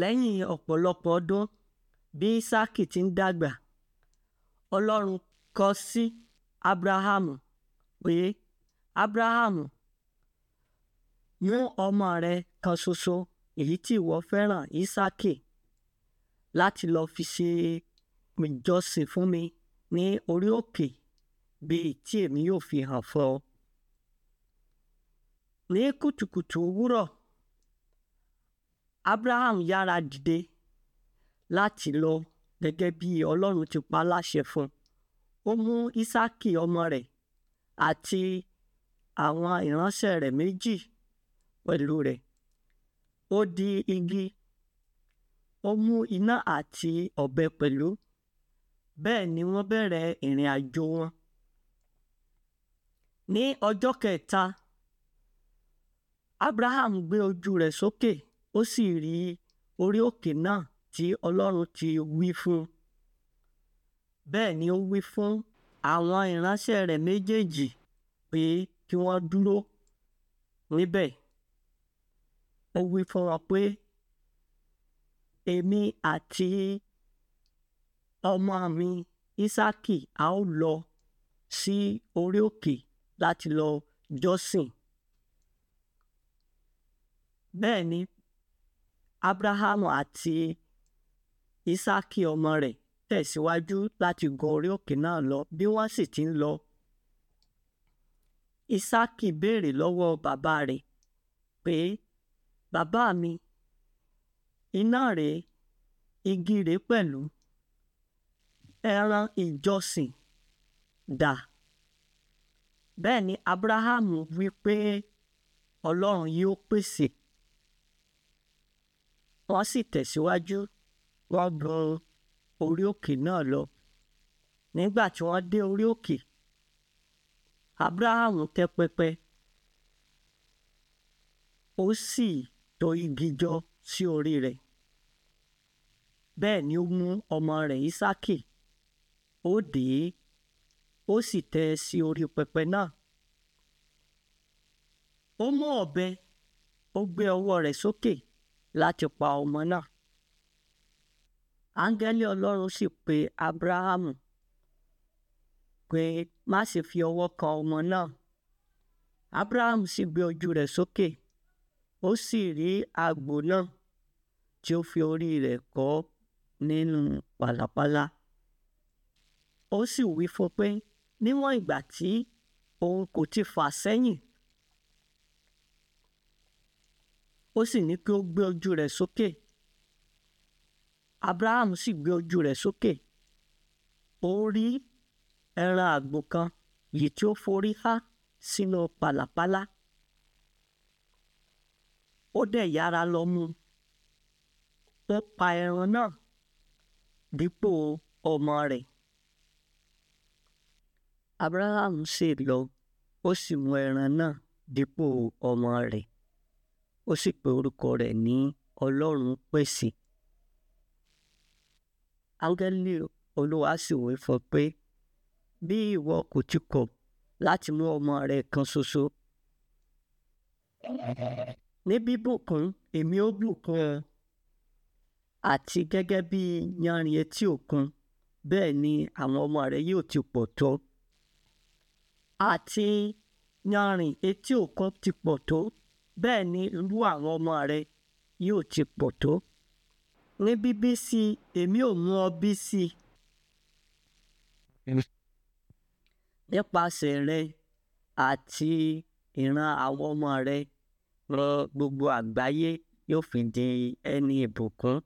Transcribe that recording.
Lẹ́yìn ọ̀pọ̀lọpọ̀ ọdún bí Ísákì ti ń dàgbà, Ọlọ́run kọ sí Ábúráhámù pé, “Ábúráhámù, mú ọmọ rẹ kan ṣoṣo èyí tí ìwọ fẹ́ràn Ísákì láti lọ fi ṣe ìjọsìn fún mi ní orí òkè ibi tí èmi yóò fi hàn fún Ní kùtùkùtù òwúrọ̀ Abraham yára dìde láti lọ gẹ́gẹ́ bí ọlọ́run ti pa á láṣẹ fún un ó mú ísákì ọmọ rẹ̀ àti àwọn ìránṣẹ́ rẹ̀ méjì pẹ̀lú rẹ̀ ó di igi ó mú iná àti ọ̀bẹ pẹ̀lú bẹ́ẹ̀ ni wọ́n bẹ̀rẹ̀ ìrìn àjò wọn ní ọjọ́ kẹta abraham gbé ojú rẹ̀ sókè. So ó sì rí orí òkè náà tí Ọlọ́run ti wí fún un. Bẹ́ẹ̀ ni ó wí fún àwọn ìránṣẹ́ rẹ̀ méjèèjì pé kí wọ́n dúró níbẹ̀. Ó wí fún wọn pé, Èmi àti ọmọ mi Ísákì a ó lọ sí orí òkè láti lọ jọ́sìn. Bẹ́ẹ̀ ni ábúráhámù àti ísáákì ọmọ rẹ̀ tẹ̀síwájú láti gun orí òkè náà lọ bí wọ́n sì ti ń lọ ísáákì béèrè lọ́wọ́ bàbá rẹ̀ pé bàbá mi iná rèé igi rèé pẹ̀lú ẹran ìjọsìn dà bẹ́ẹ̀ ni ábúráhámù wí pé ọlọ́run yóò pèsè wọ́n sì tẹ̀síwájú wọ́n gun orí òkè náà lọ nígbà tí wọ́n dé orí òkè abraham tẹ́ pẹpẹ ó sì tò igi jọ sí orí rẹ̀ bẹ́ẹ̀ ni ó mú ọmọ rẹ̀ isaki ó dè é ó sì tẹ́ ẹ sí orí pẹpẹ náà ó mú ọ̀bẹ ó gbé ọwọ́ rẹ̀ sókè. So láti pa ọmọ náà áńgẹ́lì ọlọ́run sì pe ábúráhámù pé má sì fi ọwọ́ kan ọmọ náà ábúráhámù sì gbé ojú rẹ̀ sókè ó sì rí àgbò náà tí ó fi orí rẹ̀ kọ́ nínú pàlàpàlà ó sì wí fún pé níwọ̀n ìgbà tí òun kò ti fà sẹ́yìn ó sì ní kí ó gbé ojú rẹ̀ sókè abraham sì gbé ojú rẹ̀ sókè ó rí ẹran àgbò kan yìí tí ó forí há sínú pàlàpálá ó dẹ̀ yára lọ mú un ó pa ẹran náà dípò ọmọ rẹ̀ abraham sì lọ ó sì mú ẹran náà dípò ọmọ rẹ̀ ó sì pe orúkọ rẹ̀ ní ọlọ́run pèsè. áńgẹ́lì olúwa sì wí fún pé bí ìwọ kò ti kọ̀ láti mú ọmọ rẹ kan ṣoṣo ní bíbùkún èmi ó bùkún ọ àti gẹ́gẹ́ bí yanrìn etí òkun bẹ́ẹ̀ ni àwọn ọmọ rẹ yóò ti pọ̀ tó àti yanrìn etí òkun ti pọ̀ tó bẹ́ẹ̀ ni irú àwọn ọmọ rẹ yóò ti pọ̀ tó ní bíbí sí i èmi ò mú ọ bí sí i nípasẹ̀ rẹ àti ìran àwọn ọmọ rẹ ran gbogbo àgbáyé yóò fi di ẹni ìbùkún.